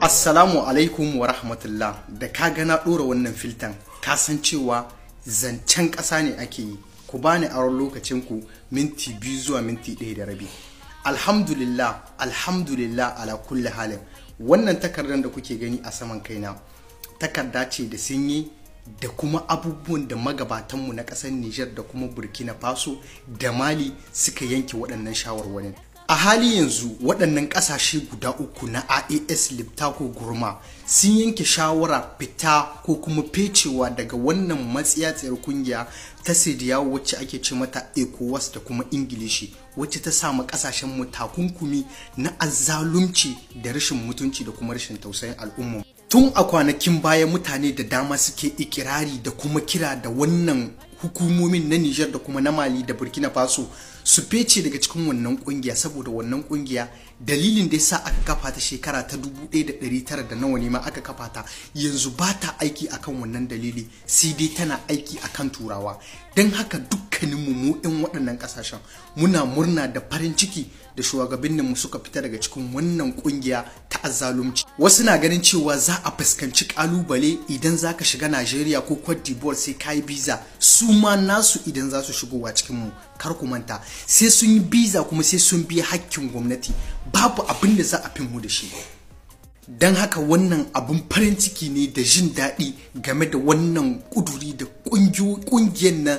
Assalamu alaikum wa rahmatullah da ka gana ɗora wannan filtan kasan cewa zancen ƙasa ne ake yi ku bani aron lokacin ku minti biyu zuwa minti ɗaya da rabi alhamdulillah alhamdulillah ala kulli halin wannan takardar da kuke gani a saman kaina takarda ce da sun yi da kuma abubuwan da magabatanmu na ƙasar Nijar da kuma Burkina Faso da Mali suka yanke waɗannan shawarwarin a hali yanzu waɗannan ƙasashe guda uku na ias liptako gurma sun yanke shawara fita ko kuma fecewa daga wannan matsiyatsiyar kungiya ta sidiya wacce ake ce mata ecowas da kuma ingilishi wacce ta samu ƙasashen mu takunkumi na azalumci da rashin mutunci da kuma rashin tausayin al'umma tun a kwanakin baya mutane da dama suke ikirari da kuma kira da wannan hukumomin na nijar da kuma na mali da burkina faso su fece daga cikin wannan kungiya saboda wannan kungiya dalilin da sa aka kafa ta shekara ta 1900 da nawa ne ma aka kafa ta yanzu ba ta aiki akan wannan dalili sai dai tana aiki akan turawa don haka dukkaninmu mu 'yan waɗannan ƙasashen muna murna da farin ciki da shugabannin mu suka fita daga cikin wannan kungiya ta azzalumci wasu na ganin cewa za a fuskanci kalubale idan za ka shiga Najeriya ko Cote d'Ivoire sai ka yi visa su ma nasu idan za su shigowa cikin mu kar ku manta sai sun yi visa kuma sai sun biya hakkin gwamnati babu abin da za a fin mu da shi dan haka wannan abun farin ciki ne da jin daɗi game da wannan kuduri da ƙungiyar nan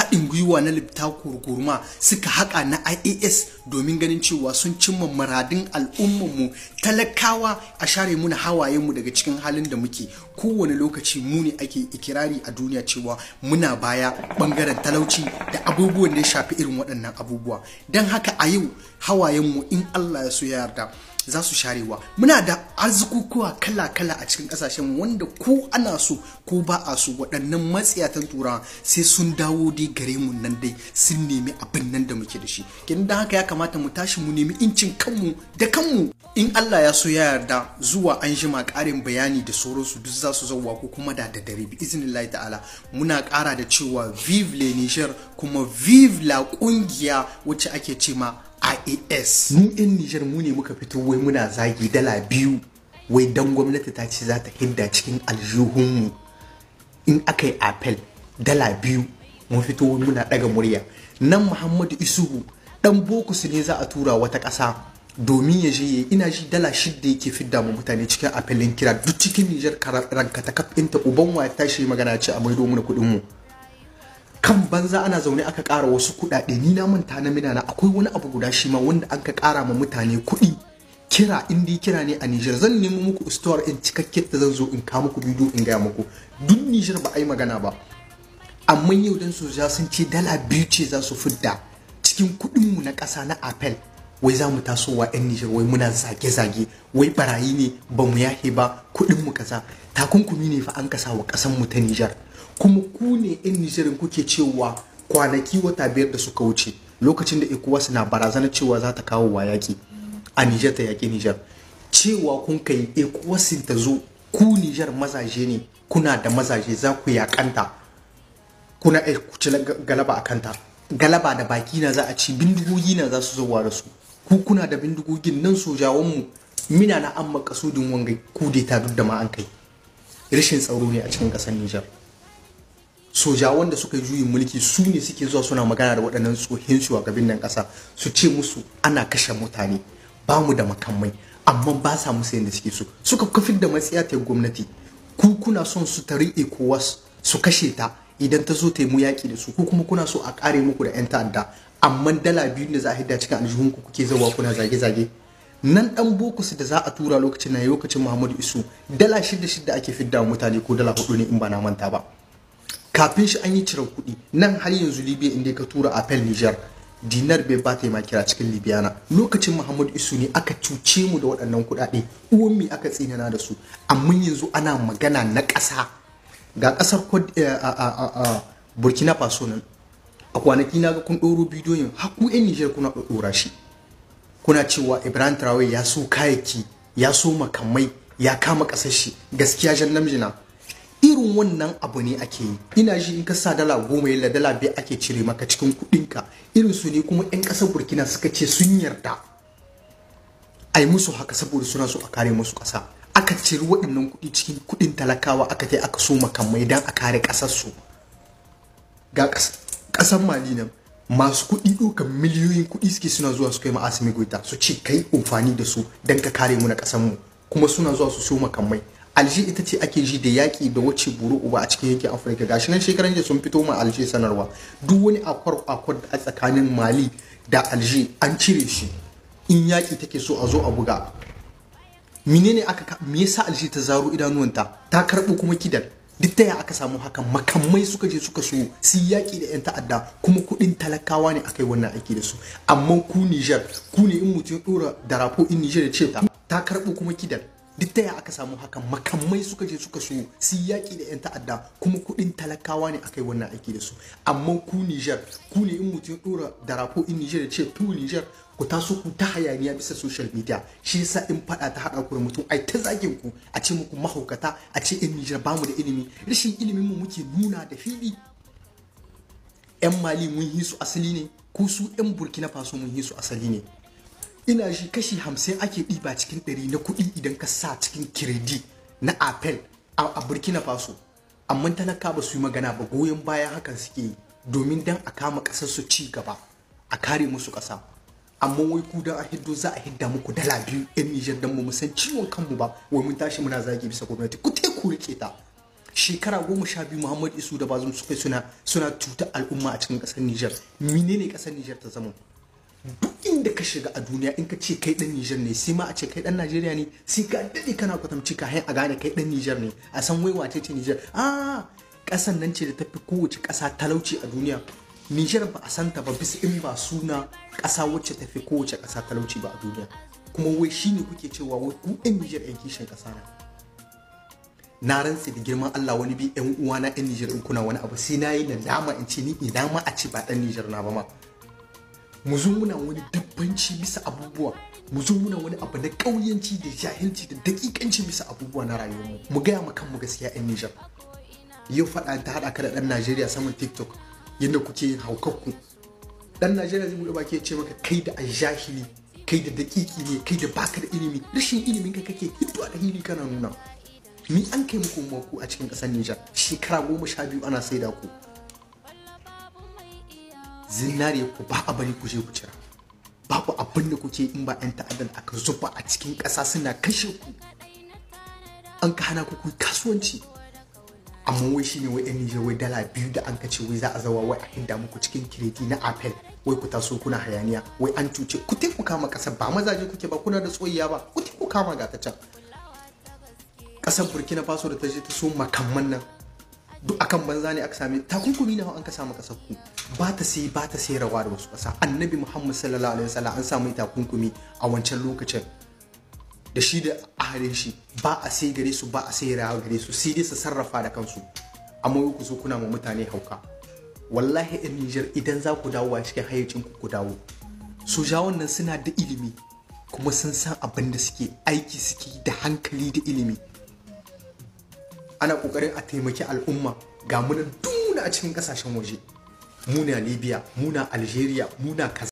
haɗin gwiwa na lipta kurkurma suka haƙa na ias domin ganin cewa sun cimma muradin al'ummanmu talakawa a share muna hawayenmu daga cikin halin da muke kowane lokaci mu ne ake ikirari a duniya cewa muna baya ɓangaren talauci da abubuwan da ya shafi irin waɗannan abubuwa don haka a yau hawayenmu in allah ya so ya yarda za su sharewa muna da arzikukuwa kala-kala a cikin kasashen wanda ko ana so ko ba a so waɗannan matsiyatan turawa sai sun dawo dai gare mu nan dai sun nemi abin nan da muke da shi kin da haka ya kamata mu tashi mu nemi incin kanmu da kanmu in Allah ya so ya yarda zuwa an jima ƙarin bayani da sauransu duk za su zauwa ko kuma da da dare bi iznillahi ta'ala muna ƙara da cewa vive le niger kuma vive la ƙungiya wacce ake cema. IAS e mu yan Nijar mu ne muka fito wai muna zagi dala biyu wai dan gwamnati ta ce za ta hidda cikin aljihunmu in aka yi apel dala biyu mun fito muna daga murya nan Muhammadu Isuhu dan boko ne za a tura wata ƙasa domin ya je ina shi dala shidda yake fidda mu mutane cikin apelin kira duk cikin Nijar ranka ta kafin ta uban wa ta shi magana ce a maido mu kuɗin mu. kan banza ana zaune aka ƙara wasu kuɗaɗe ni na manta na minana. akwai wani abu guda shi ma wanda an ka ƙara ma mutane kuɗi kira indi kira ne a Nijar zan nemo muku istuwar in cikakken da zan zo in ka muku bidiyo in gaya muku duk Nijar ba a yi magana ba amma yau dan su ja sun ce dala biyu ce za su fidda cikin kuɗin mu na ƙasa na apel wai za mu wa 'yan Nijar wai muna zage-zage wai barayi ne ba mu yahe ba kuɗin mu kaza takunkumi ne fa an kasa wa ƙasan mu ta Nijar kuma ku ne 'yan nijirin kuke cewa kwanaki wata biyar da suka wuce lokacin da ecowas na barazana cewa za ta kawo wa yaƙi a nijar ta yaƙi nijar cewa kun kai ecowas ta zo ku nijar mazaje ne kuna da mazaje za ku yaƙanta kuna eh, ku ci galaba a kanta galaba da baki na za a ci bindigogi na za su zo da su ku kuna da bindigogin nan sojawanmu mina na amma kasudin wangai ta duk da ma an kai rashin tsaro ne a cikin ƙasar nijar soja wanda suka yi juyin mulki su ne suke zuwa suna magana da waɗannan tsohin shugabannin nan ƙasa su ce musu ana kashe mutane ba mu da makamai amma ba sa musu yadda suke so suka kafin da matsiya ta gwamnati ku kuna son su tari ECOWAS su kashe ta idan ta zo ta yi mu yaƙi da su ku kuma kuna so a ƙare muku da 'yan ta'adda amma dala biyu da za a hidda cikin aljihunku kuke zawa kuna zage-zage nan dan bokus da za a tura lokacin na lokacin muhammadu isu dala shida shida ake fidda mutane ko dala hudu ne in ba na manta ba kafin shi an yi ciran kuɗi nan har yanzu libya inda ka tura apel niger dinar bai ba ta yi makira cikin na. lokacin muhammad isu ne aka cuce mu da waɗannan kuɗaɗe uwan mi aka tsinana da su amma yanzu ana magana na ƙasa ga ƙasar eh, ah, ah, ah, burkina faso nan a kwanaki na ga kun ɗoro bidiyoyin haku yan nijar kuna ɗora shi kuna cewa ibrahim traore ya so kayaki ya so makamai ya kama ƙasar shi gaskiya jan namjina irin wannan abu ne ake yi ina shi in ka sa dala goma yalla dala biyu ake cire maka cikin kuɗinka irin su ne kuma 'yan kasar burkina suka ce sun yarda ai musu haka saboda suna so a kare musu kasa aka ciri waɗannan kuɗi cikin kuɗin talakawa aka kai aka so makamai don a kare ƙasar su ga ƙasar mali nan masu kuɗi ɗaukar miliyoyin kuɗi suke suna zuwa su kai ma goita su ce kai amfani da su don ka kare mu na ƙasar mu kuma suna zuwa su so makamai alji ita ce ake ji da yaƙi da wace buru uba a cikin yankin afirka gashi nan shekaran jiya sun fito ma alji sanarwa duk wani akwar akwar a tsakanin mali da alji an cire shi in yaƙi take so a zo a buga menene aka me yasa alji ta zaro idanuwanta ta karɓo kuma kidan duk ta aka samu hakan makamai suka je suka so su yaƙi da 'yan ta'adda kuma kuɗin talakawa ne aka wannan aiki da su amma ku Nijar ku ne in mutum ya ɗora darapo in Nijar ya ce ta karɓo kuma kidan duk ya aka samu hakan makamai suka je suka so su yaƙi da 'yan ta'adda kuma kuɗin talakawa ne aka yi wannan aiki da su amma ku Nijar ku ne in mutum ɗora darako in Niger ce tu Nijar ku taso ku ta hayaniya bisa social media shi yasa in faɗa ta haɗa ku da mutum ai ta zagin ku a ce muku mahaukata a ce in Nijar ba mu da ilimi rashin ilimin mu muke nuna da fili 'yan Mali mun yi su asali ne ko su 'yan Burkina Faso mun yi su asali ne ina shi kashi hamsin ake ɗiba cikin ɗari na kuɗi idan ka sa cikin kiredi na apel a burkina faso amma talaka ba su yi magana ba goyon bayan hakan suke yi domin dan a kama ƙasar su ci gaba a kare musu ƙasa amma wai ku dan a hiddo za a hidda muku dala biyu yan nijar dan mu san ciwon kanmu ba wai mun tashi muna zagi bisa gwamnati ku te ku rike ta shekara goma sha biyu muhammad isu da bazum kai suna suna cuta al'umma a cikin ƙasar nijar menene ƙasar nijar ta zama inda ka shiga a duniya in ka ce kai dan Nijar ne sai ma a ce kai dan Najeriya ne sai ka dade kana kwatamci ka a gane kai dan Nijar ne a san wai wace ce Nijar ah kasan nan ce da tafi kowace kasa talauci a duniya Nijar ba a san ta ba bisa in ba suna kasa wacce tafi kowace kasa talauci ba a duniya kuma wai shine kuke cewa wai ku ɗan Nijar ɗan kishin kasa na na rantse da girman Allah wani bi yan uwana yan Nijar in kuna wani abu sai na yi dama in ce ni ina ma a ce ba dan Nijar na ba ma mu zo muna wani duk bambanci bisa abubuwa mu zo muna wani abu na ƙauyanci da jahilci da daƙiƙanci bisa abubuwa na rayuwarmu mu gaya ma kanmu gaskiya 'yan Nijar yau faɗa ta haɗa ka da ɗan Najeriya saman TikTok yadda kuke yin haukakku ɗan Najeriya zai buɗe baki ya ce maka kai da ajahili kai da daƙiƙi ne kai da baka da ilimi rashin ilimin ka kake hiddo da hili kana nuna ni an kai muku mako a cikin ƙasar Nijar shekara goma sha biyu ana saida ku zinariya ku ba a bari ku je ku cira abin da kuke in ba 'yan ta'addan aka zuba a cikin ƙasa suna kashe ku an ka hana ku kasuwanci amma wai shi ne wai yan Nijar wai dala biyu da an kace wai za a zawa wai a hinda muku cikin kireti na Apple wai ku taso kuna hayaniya wai an cuce ku te ku kama kasar ba mazaje kuke ba kuna da tsoyiya ba ku te ku kama ga ta can kasar Burkina Faso da ta je ta so makamman nan duk akan banza ne aka sami takunkumi na an ka samu kasar ku ba ta sai ba ta sai rawa da wasu kasa annabi muhammad sallallahu alaihi wasallam an samu takunkumi a wancan lokacin da shi da ahalin shi ba a sai gare su ba a sai rawa gare su sai dai su sarrafa da kansu amma ku so kuna ma mutane hauka wallahi in Niger idan za ku dawo a cikin hayyacin ku ku dawo sojawan nan suna da ilimi kuma sun san abin da suke aiki suke da hankali da ilimi ana kokarin a taimaki al'umma ga munan duna a cikin kasashen waje muna libya muna algeria muna kaza